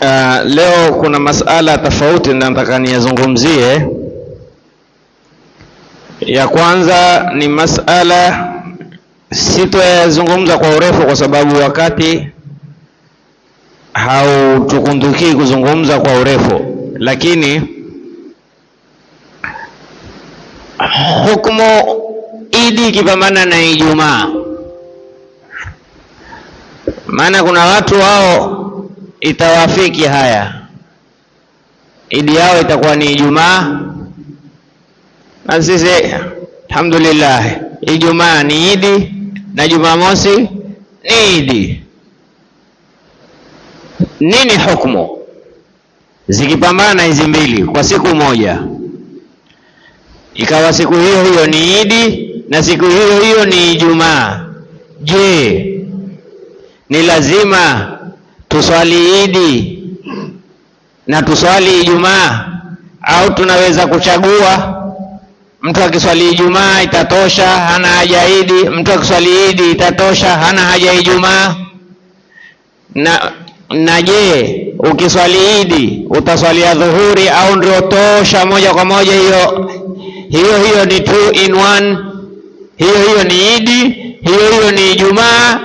Uh, leo kuna masala tofauti nataka niyazungumzie. Ya kwanza ni masala sitoyazungumza kwa urefu, kwa sababu wakati hautukundukii kuzungumza kwa urefu, lakini hukumu Idi ikipambana na Ijumaa, maana kuna watu wao itawafiki haya. Idi yao itakuwa ni Ijumaa, na sisi alhamdulillah, Ijumaa ni idi na Jumamosi ni idi. Nini hukumu zikipambana hizi mbili kwa siku moja, ikawa siku hiyo hiyo ni idi na siku hiyo hiyo ni Ijumaa? Je, ni lazima tuswali Idi na tuswali Ijumaa au tunaweza kuchagua mtu akiswali Ijumaa itatosha, hana haja Idi. Mtu akiswali Idi itatosha, hana haja Ijumaa. Na na je, ukiswali Idi utaswalia dhuhuri au ndio tosha moja kwa moja? Hiyo hiyo hiyo ni two in one, hiyo hiyo ni Idi, hiyo hiyo ni Ijumaa.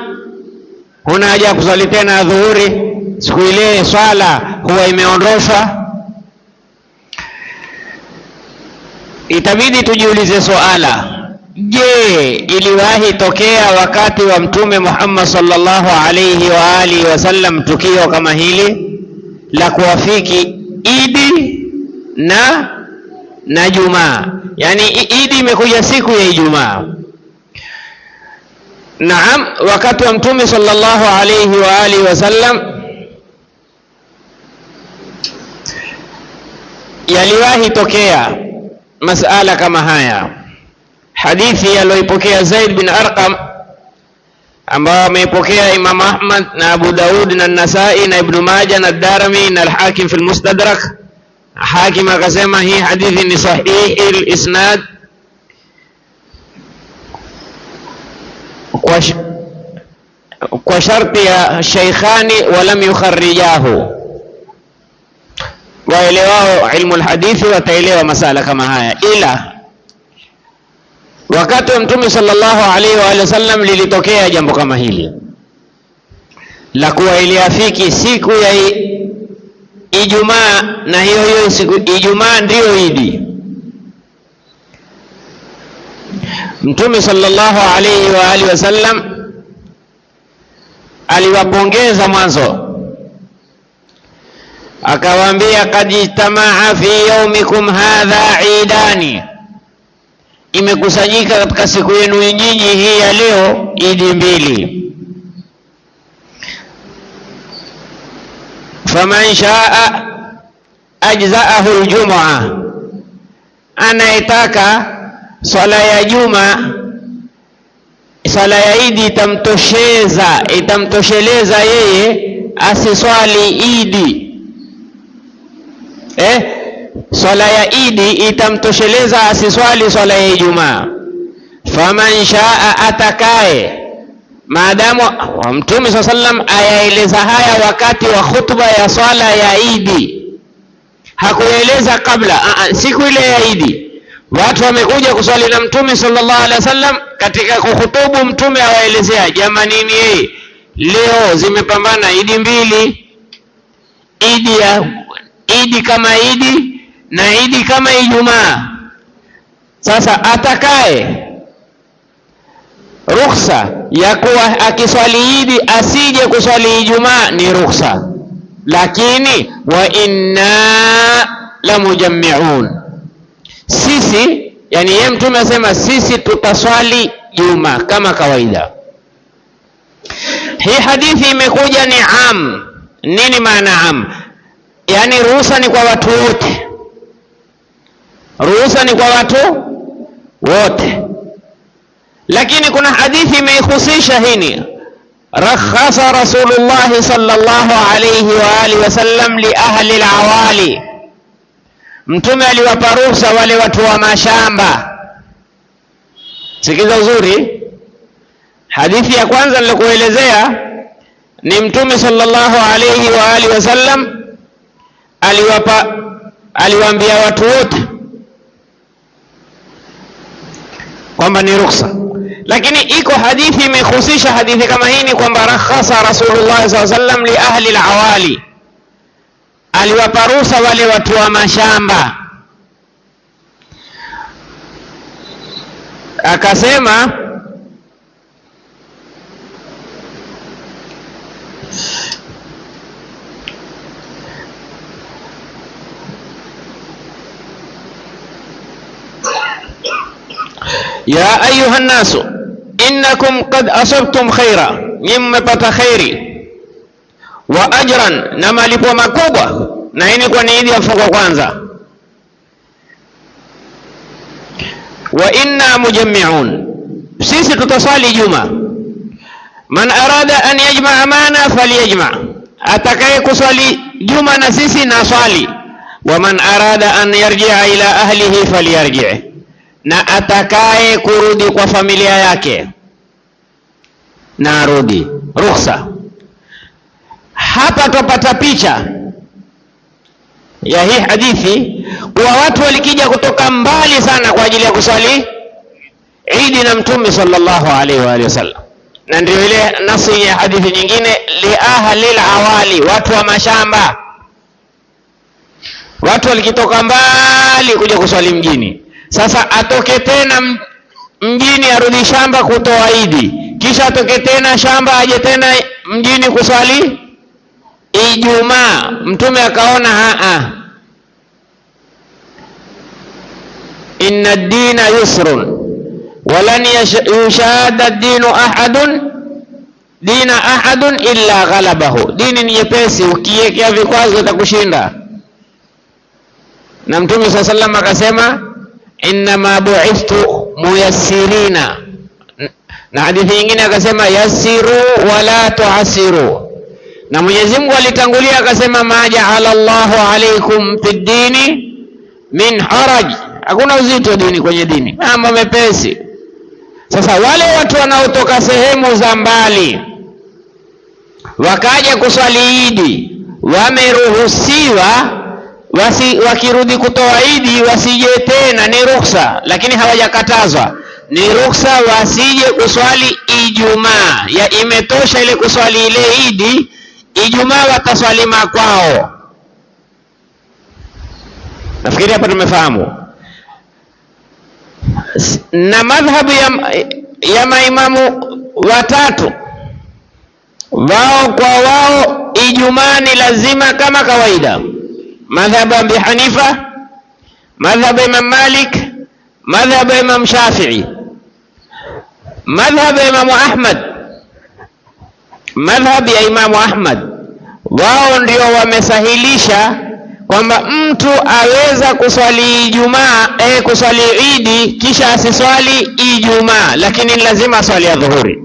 Huna haja ya kuswali tena dhuhuri siku ile swala huwa imeondoshwa. Itabidi tujiulize swala, je, iliwahi tokea wakati wa Mtume Muhammad sallallahu alayhi wa alihi wasallam tukio kama hili la kuwafiki Idi na na Jumaa? Yani Idi imekuja siku ya Ijumaa. Naam, wakati wa Mtume sallallahu alayhi wa alihi wasallam yaliwahi tokea masala kama haya. Hadithi aliyoipokea Zaid bin Arqam ambayo ameipokea Imam Ahmad na Abu Daud na Nasai na Ibn maja na Darimi na Al-Hakim fi al Hakim akasema hii hadithi ni sahihi al kwa sharti ya shaykhani walam yukharrijahu waelewao ilmu lhadithi wataelewa masala kama haya, ila wakati wa Mtume sallallahu alaihi wa wasallam lilitokea jambo kama hili la kuwa iliafiki siku ya Ijumaa na hiyo hiyo siku Ijumaa ndiyo Idi. Mtume sallallahu alaihi wa alihi wasallam aliwapongeza mwanzo akawaambia, kad ijtamaa fi yaumikum hadha idani, imekusanyika katika siku yenu nyinyi hii ya leo idi mbili. faman shaa ajzaahu ljumua, anayetaka swala ya juma swala ya idi itamtosheza itamtosheleza yeye asiswali idi eh, swala ya Idi itamtosheleza asiswali swala ya Ijumaa. Faman shaa atakae maadamu Mtume saa sallam ayaeleza haya wakati wa khutba ya swala ya Idi, hakueleza kabla. Aa, siku ile ya Idi watu wamekuja kuswali na Mtume sallallahu alaihi wasallam. Katika kuhutubu Mtume awaelezea jamanini, yeye leo zimepambana idi mbili, idi ya Idi kama Idi na Idi kama Ijumaa. Sasa atakaye ruhsa ya kuwa akiswali Idi asije kuswali Ijumaa ni ruhsa lakini wa inna la mujammi'un, sisi yani yeye Mtume asema sisi tutaswali Juma kama kawaida. Hii hadithi imekuja ni am. Nini maana am? yaani ruhusa ni kwa watu wote, ruhusa ni kwa watu wote. Lakini kuna hadithi imeihusisha hini rakhasa Rasulullahi sallallahu alayhi wa alihi wasallam li ahli alawali, Mtume aliwapa ruhusa wale watu wa mashamba. Sikiza uzuri, hadithi ya kwanza nilikuelezea ni Mtume sallallahu alayhi wa alihi wasallam aliwapa aliwaambia watu wote kwamba ni ruksa, lakini iko hadithi imehusisha hadithi kama hii ni kwamba rakhasa Rasulullah sallallahu sallam li ahli alawali, aliwapa ruhusa wale watu wa mashamba, akasema ya ayuha nnasu innakum qad asabtum khaira, ni mmepata khairi wa ajran, na malipo makubwa. Na hii ni kwa niidi ya mfungo kwanza. Wa inna mujammi'un, sisi tutaswali juma. Man arada an yajmaa maana falyajma, atakaye kuswali juma na sisi na swali. Wa man arada an yarjia ila ahlihi falyarji na atakaye kurudi kwa familia yake na arudi, ruhusa. Hapa twapata picha ya hii hadithi kuwa watu walikija kutoka mbali sana kwa ajili ya kuswali Idi na Mtume sallallahu alaihi wa alihi wasallam, na ndio ile nasi ya hadithi nyingine, li lawali watu wa mashamba. Watu walikitoka mbali kuja kuswali mjini sasa atoke tena mjini arudi shamba kutoa Idi, kisha atoke tena shamba aje tena mjini kuswali Ijumaa. Mtume akaona haa, inna dina yusrun walan yushada dinu ahadun dina ahadun illa ghalabahu, dini ni nyepesi, ukiwekea vikwazo itakushinda. Na Mtume saa salam akasema innama buithtu muyassirina, na hadithi nyingine akasema yassiru wala tuasiru, na Mwenyezi Mungu alitangulia akasema majaala llahu alaikum fi dini min haraj, hakuna uzito dini kwenye dini, mambo mepesi. Sasa wale watu wanaotoka sehemu za mbali wakaja kuswali Idi wameruhusiwa wasi wakirudi kutoa idi wasije tena, ni ruksa lakini hawajakatazwa, ni ruksa wasije kuswali Ijumaa, ya imetosha ile kuswali ile idi. Ijumaa wataswali makwao. Nafikiri hapa tumefahamu. Na madhhabu ya, ya maimamu watatu wao kwa wao, Ijumaa ni lazima kama kawaida madhhabu Abi Hanifa, madhhabu Imam Malik, madhhabu Imam Shafi'i, madhhabu Imam Ahmad, madhhabu ya Imam Ahmad. Wao ndio wamesahilisha kwamba mtu aweza kuswali Ijumaa, eh, kuswali Idi kisha asiswali Ijumaa, lakini lazima aswali ya dhuhuri.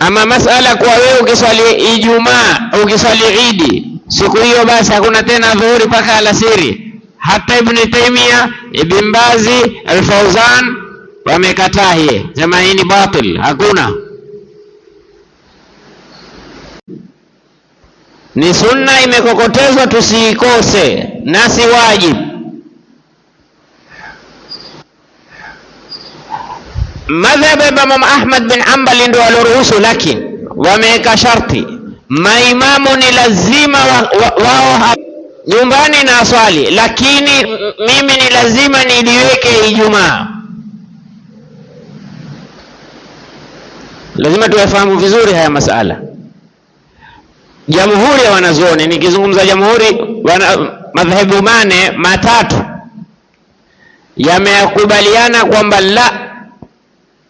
Ama masala kwa wewe ukiswali Ijumaa, ukiswali Idi siku hiyo, basi hakuna tena dhuhuri mpaka alasiri. Hata Ibn Taymiyyah, Ibn Baz, Al-Fawzan wamekataa hii, sema hii ni batil, hakuna ni sunna, imekokotezwa tusiikose, nasi wajib Madhhab ya Imam Ahmad bin Hanbal ndio waloruhusu lakini wameweka sharti maimamu ni lazima wao wa, wa, nyumbani na swali, lakini mimi ni lazima niliweke Ijumaa. Lazima tuyafahamu vizuri haya masala. Jamhuri ya wanazuoni, nikizungumza jamhuri, wana madhehebu mane matatu yameyakubaliana kwamba la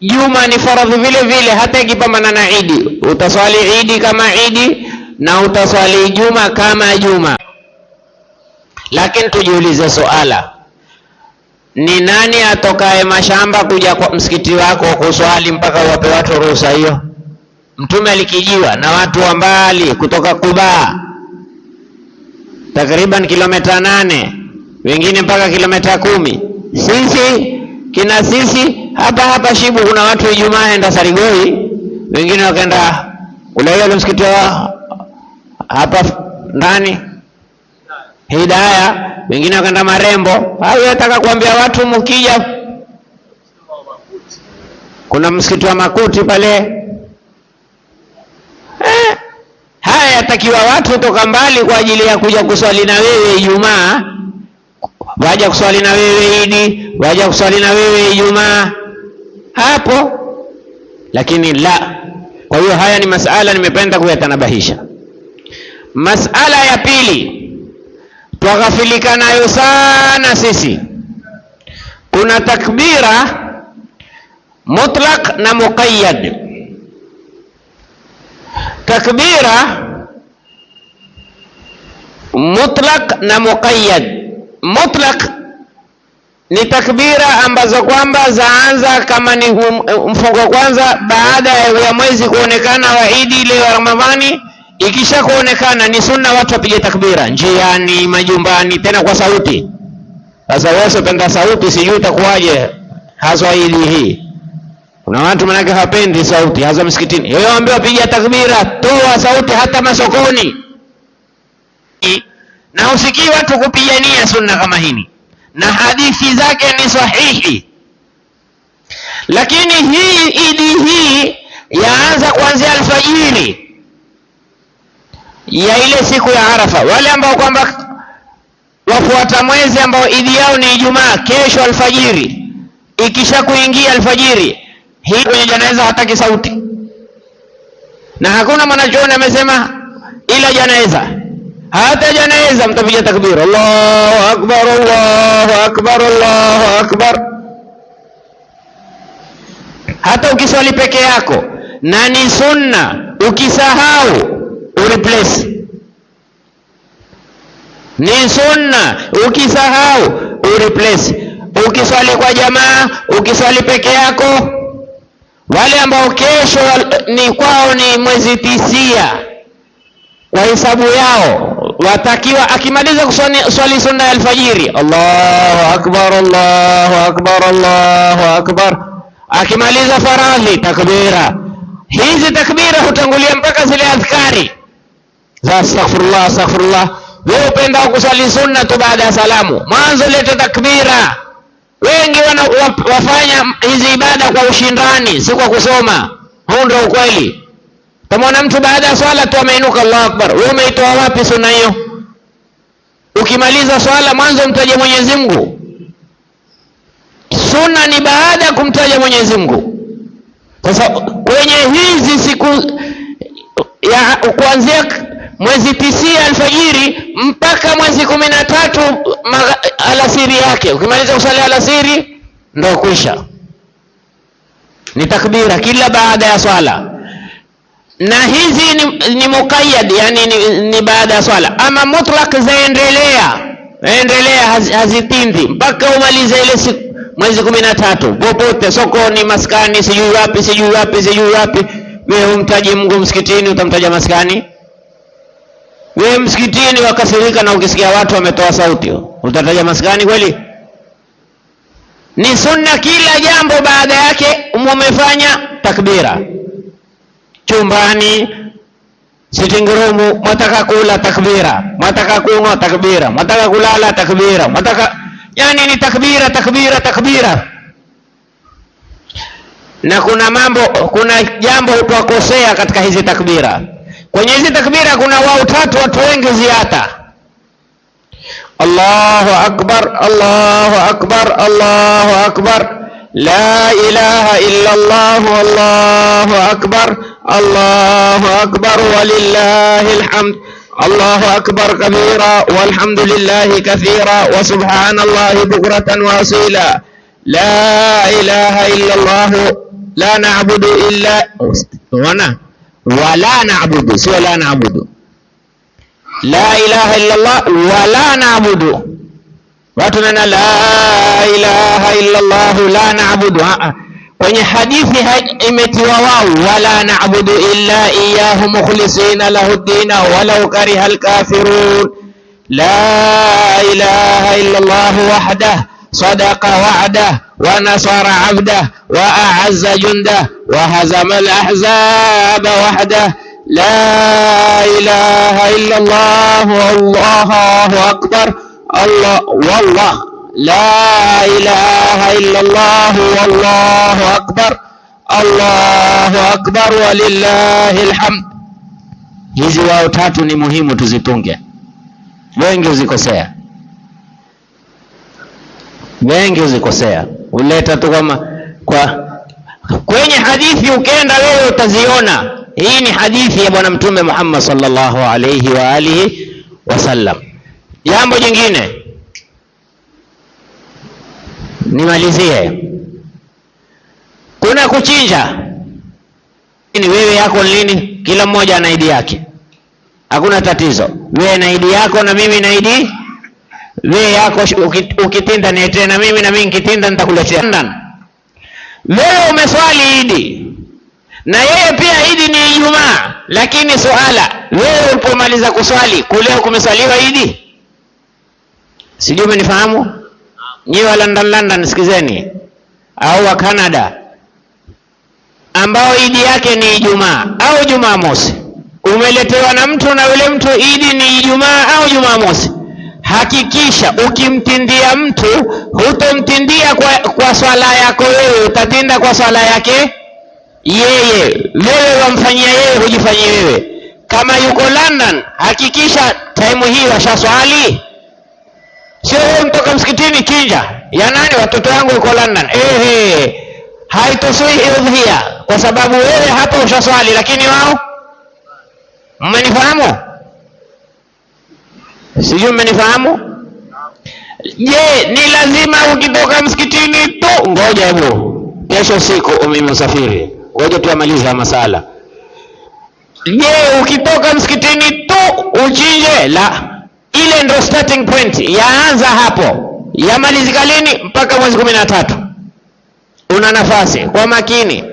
Juma ni faradhi vile vile, hata ikipambana na Idi. Utaswali Idi kama Idi na utaswali Juma kama Juma. Lakini tujiulize suala, ni nani atokaye mashamba kuja kwa msikiti wako kuswali mpaka wape watu ruhusa hiyo? Mtume alikijiwa na watu wa mbali kutoka Kuba, takriban kilomita nane, wengine mpaka kilomita kumi. Sisi kina sisi hapa hapa Shibu kuna watu Ijumaa enda Sarigoi, wengine wakaenda ule ule msikiti wa hapa ndani Hidaya, wengine wakaenda Marembo. Au nataka kuambia watu mkija, kuna msikiti wa Makuti pale eh. Haya, yatakiwa watu toka mbali kwa ajili ya kuja kuswali na wewe Ijumaa waja kuswali na wewe Idi, waja kuswali na wewe Ijumaa hapo. Lakini la, kwa hiyo haya ni masala nimependa kuyatanabahisha. Masala ya pili twaghafilika nayo sana sisi, kuna takbira mutlaq na muqayyad. Takbira mutlaq na muqayyad mutlaq ni takbira ambazo kwamba zaanza kama ni mfungo kwanza baada ya mwezi kuonekana wa Idi ile ya Ramadhani. Ikisha kuonekana ni sunna watu wapige takbira njiani, majumbani, tena kwa sauti. Sasa wewe sauti, sijui itakuwaje haswa Idi hii. Kuna watu manake hawapendi sauti, haswa msikitini. Yeye ambaye apiga takbira toa sauti hata masokoni I na usikii watu kupigania sunna kama hili, na hadithi zake ni sahihi. Lakini hii idi hii yaanza kuanzia alfajiri ya ile siku ya Arafa. Wale ambao kwamba wafuata mwezi ambao idi yao ni Ijumaa, kesho alfajiri, ikisha kuingia alfajiri hii kwenye janaiza hataki sauti, na hakuna mwanachuoni amesema ila janaiza hata janaiza mtapiga takbir, Allahu akbar, Allahu akbar, Allahu akbar. Hata ukiswali peke yako na ni sunna, ukisahau ureplace. Ni sunna, ukisahau ureplace. Ukiswali kwa jamaa, ukiswali peke yako. Wale ambao kesho ni kwao ni mwezi tisia kwa hesabu yao watakiwa akimaliza kuswali sunna ya alfajiri, Allahu akbar, Allahu akbar, Allahu akbar. Akimaliza faradhi, takbira. Hizi takbira hutangulia mpaka zile adhkari za astaghfirullah, astaghfirullah. Wewe upenda kuswali sunna tu baada ya salamu, mwanzo lete takbira. Wengi wanafanya wafanya hizi ibada kwa ushindani, si kwa kusoma. Huu ndio ukweli. Utamwona mtu baada ya swala tu ameinuka Allahu Akbar. Wewe umeitoa wapi sunna hiyo? Ukimaliza swala mwanzo mtaje Mwenyezi Mungu. Sunna ni baada ya kumtaja Mwenyezi Mungu. Sasa kwenye hizi siku ya kuanzia mwezi tisia alfajiri mpaka mwezi kumi na tatu alasiri yake, ukimaliza kusali alasiri ndo kwisha, ni takbira kila baada ya swala na hizi ni, ni muqayyad yani ni, ni baada ya swala. Ama mutlaq zaendelea endelea, hazitindi mpaka umalize ile siku mwezi kumi na tatu, popote sokoni, maskani, sijui wapi, sijui wapi, sijui wapi. Wewe humtaji Mungu msikitini, utamtaja maskani? Wewe msikitini wakasirika, na ukisikia watu wametoa sauti, utataja maskani kweli? Ni sunna kila jambo baada yake mumefanya takbira chumbani, sitting room, mwataka kula takbira, mwataka kunywa takbira, mwataka kulala takbira, mwataka yani ni takbira takbira takbira. Na kuna mambo, kuna jambo twakosea katika hizi takbira. Kwenye hizi takbira kuna wau tatu, watu wengi ziata Allahu akbar, Allahu akbar, Allahu akbar, la ilaha illa Allah, Allahu akbar الله أكبر ولله الحمد الله أكبر كبيرا والحمد لله كثيرا وسبحان الله بكرة وأصيلا لا إله إلا الله لا نعبد إلا هنا ولا نعبد سوى لا نعبد لا إله إلا الله ولا نعبد واتنا لا إله إلا الله لا نعبد آه. kwenye hadithi imetiwa wao, wala naabudu illa iyahu mukhlisina lahu wala walau kariha alkafirun. La ilaha illa Allah wahdah صدق وعده ونصر عبده وأعز جنده وهزم الأحزاب وحده لا إله إلا الله والله أكبر الله والله la ilaha illa Allah wallahu akbar, Allahu akbar walillahi alhamd. Hizi wao tatu ni muhimu tuzitunge, wengi uzikosea, wengi uzikosea, uleta tu kama kwa kwenye hadithi ukenda wewe utaziona. Hii ni hadithi ya Bwana Mtume Muhammad sallallahu alayhi wa alihi wasallam. Jambo jingine nimalizie. Kuna kuchinja ni wewe yako lini, kila mmoja ana idi yake, hakuna tatizo. Wewe na idi yako na mimi na idi wewe yako, ukitinda niletee na mimi, na mimi nikitinda nitakuletea. Wewe umeswali idi na yeye pia, idi ni Ijumaa. Lakini swala wewe ulipomaliza kuswali kuleo kumeswaliwa idi? Sijui umenifahamu? nyiwe wa London London, sikizeni, au wa Canada ambao idi yake ni Ijumaa au Jumamosi, umeletewa na mtu na yule mtu idi ni Ijumaa au Jumamosi, hakikisha ukimtindia mtu hutomtindia kwa, kwa swala yako wewe, utatinda kwa swala yake yeye. Wewe wamfanyia yeye, hujifanyie wewe. Kama yuko London, hakikisha taimu hii washaswali Shehe mtoka msikitini chinja ya nani, watoto wangu wako London. Ehe, haitosui udhia kwa sababu wewe hapa ushaswali, lakini wao. Mmenifahamu? Sijui mmenifahamu. Je, ni lazima ukitoka msikitini tu? Ngoja hebu kesho siku umimi usafiri, ngoja tuyamaliza masala. Je, ukitoka msikitini tu uchinje? La. Ile ndo starting point, yaanza hapo, yamalizika lini? Mpaka mwezi kumi na tatu. Una nafasi kwa makini.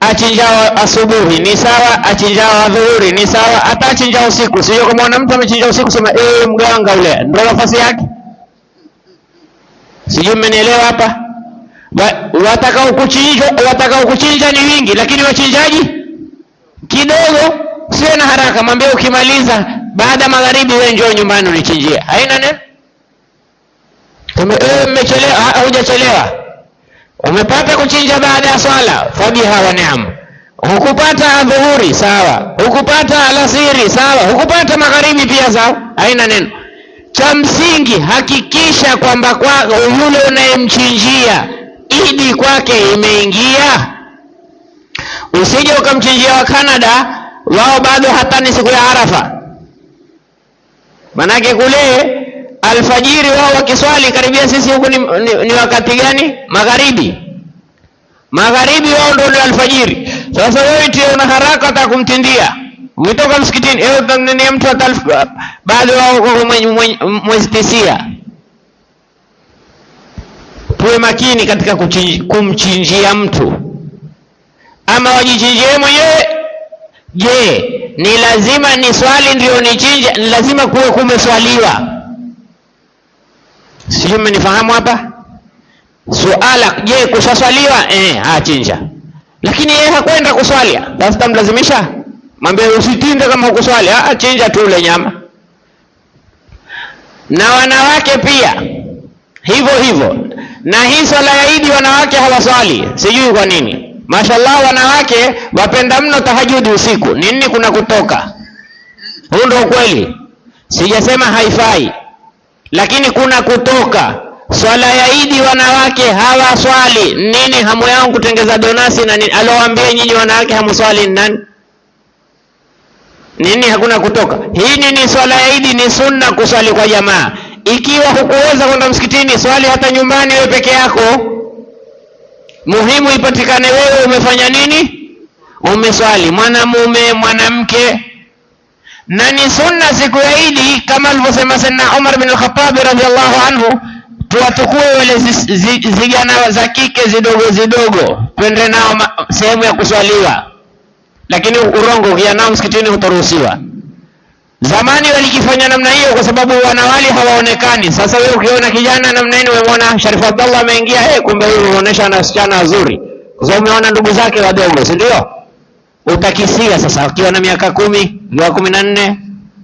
Achinjao asubuhi ni sawa, achinjao adhuhuri ni sawa, hata achinjao usiku. Sio kama una mtu amechinja usiku, sema eh, mganga yule ndo nafasi yake. Sijui mmenielewa hapa. Watakao kuchinja, watakao kuchinja ni wingi, lakini wachinjaji kidogo. Sio na haraka, mwambie ukimaliza baada magharibi, wewe njoo nyumbani unichinjie. Haina neno, umechelewa hujachelewa, umepata kuchinja baada ya swala, fabiha wa neema Hukupata dhuhuri sawa, hukupata alasiri sawa, hukupata magharibi pia sawa, haina neno. Cha msingi hakikisha kwamba kwa yule unayemchinjia Idi kwake imeingia. Usije ukamchinjia wa Canada wao bado hata ni siku ya Arafa. Manake kule alfajiri wao wakiswali karibia, sisi huku ni, ni, ni wakati gani? Magharibi, magharibi wao ndio alfajiri. Sasa wewe tio una haraka, atakumtindia umetoka msikitini, ewe mtu baadhi wao mwezi tisia. Tuwe makini katika kumchinjia mtu, ama wajichinjie mwenyewe. Je, ni lazima ni swali ndio nichinje, ni lazima kuwe kumeswaliwa. Sijui mmenifahamu hapa. Suala je, kushaswaliwa? Eh, achinja. Ah, Lakini yeye hakwenda kuswalia, basi tamlazimisha, mwambie usitinde kama hukuswali. Ah, ah, chinja tu ule nyama. Na wanawake pia hivyo hivyo, na hii swala ya Idi wanawake hawaswali, sijui kwa nini Mashallah, wanawake wapenda mno tahajudi usiku. Ni nini kuna kutoka? Huu ndio ukweli, sijasema haifai, lakini kuna kutoka. Swala ya Idi wanawake hawaswali. Nini hamu yao kutengeza donasi na nini? Alowambia nyinyi wanawake hamuswali nani? Nini hakuna kutoka? Hii nini? Swala ya Idi ni sunna kuswali kwa jamaa. Ikiwa hukuweza kwenda msikitini, swali hata nyumbani wewe peke yako muhimu ipatikane, wewe umefanya nini? Umeswali, mwanamume, mwanamke. Na ni sunna siku ya Idi, kama alivyosema sena Umar bin al-Khattab radhiallahu anhu, tuwatukue wale zi, za kike zidogo zidogo, twende nao sehemu ya kuswaliwa, lakini urongo ukianao msikitini hutaruhusiwa. Zamani walikifanya namna hiyo kwa sababu wanawali hawaonekani. Sasa wewe ukiona kijana namna hiyo, umemwona Sharifu Abdallah ameingia, hey, kumbe huyu unaonesha na wasichana wazuri, kwa sababu umeona ndugu zake wadogo, si ndio? Utakisia sasa, akiwa na miaka kumi, ukiwa kumi na nne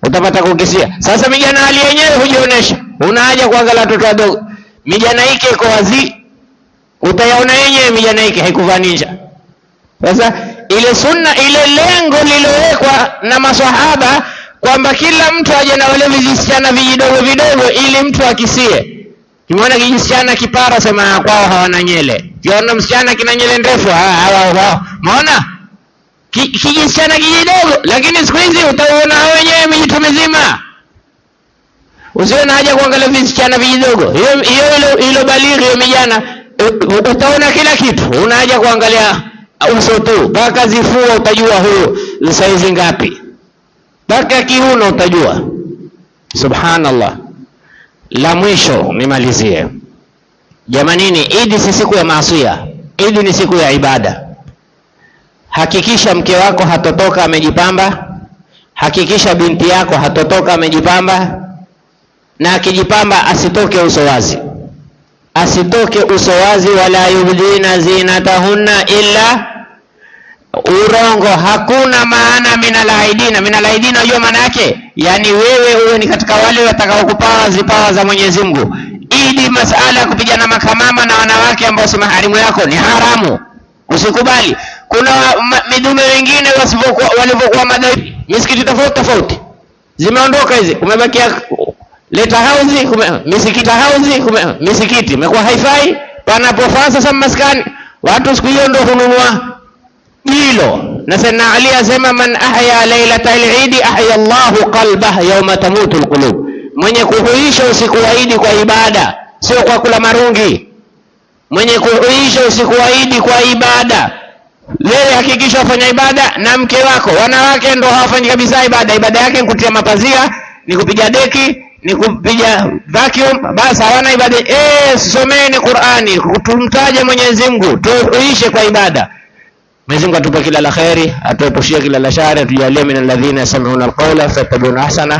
utapata kukisia. Sasa mijana hali yenyewe hujionesha, una haja kuangalia watoto wadogo. Mijana hiki iko wazi, utayaona yenyewe mijana hiki haikuvanisha. Sasa ile sunna, ile lengo lilowekwa na maswahaba kwamba kila mtu aje na wale vijisichana vijidogo vidogo, ili mtu akisie. Kimwona kijisichana kipara, sema ya kwao hawana nyele. Kiona msichana kina nyele ndefu, hawa ah, ah, ah, maona kijisichana kijidogo. Lakini siku hizi utaona hao wenyewe mijitu mizima. Usiwe na haja kuangalia visichana vijidogo, hiyo hiyo ilo balighi, hiyo mijana utaona kila kitu. Una haja kuangalia uso tu, mpaka zifua utajua huyu saizi ngapi mpaka kiuno utajua. Subhanallah. La mwisho nimalizie, jamanini, Idi si siku ya maasia, Idi ni siku ya ibada. Hakikisha mke wako hatotoka amejipamba, hakikisha binti yako hatotoka amejipamba, na akijipamba asitoke uso wazi, asitoke uso wazi. Wala yubdina zinatahunna illa urongo hakuna maana minalaidina minalaidina, hiyo maana yake, yani wewe uwe ni katika wale watakaokupawa zipawa za Mwenyezi Mungu. Ili masala ya kupigana makamama na wanawake ambao si maharimu yako ni haramu, usikubali. Kuna midume wengine walivyokuwa madhaifu misikiti tofauti tofauti zimeondoka hizi, kumebakia leta house kume, misikiti house kume, misikiti imekuwa haifai, panapofaa sasa maskani watu siku hiyo ndio hununua hilo. Na Sayyidina Ali asema, man ahya lailata al-Eid ahya Allah qalbah yawma tamutu al-qulub, mwenye kuhuisha usiku wa Eid kwa ibada, sio kwa kula marungi. Mwenye kuhuisha usiku wa Eid kwa ibada, wewe hakikisha ufanya ibada na mke wako. Wanawake ndio hawafanyi kabisa ibada. Ibada yake nikutia mapazia, nikupiga deki nikupiga vacuum, basi hawana ibada. Eh, someni Qur'ani, tumtaje Mwenyezi Mungu, tuishe kwa ibada. Mwenyezi Mungu atupe kila la kheri, atuepushie kila la shari, atujalie min alladhina yastami'una alqawla fayattabi'una ahsana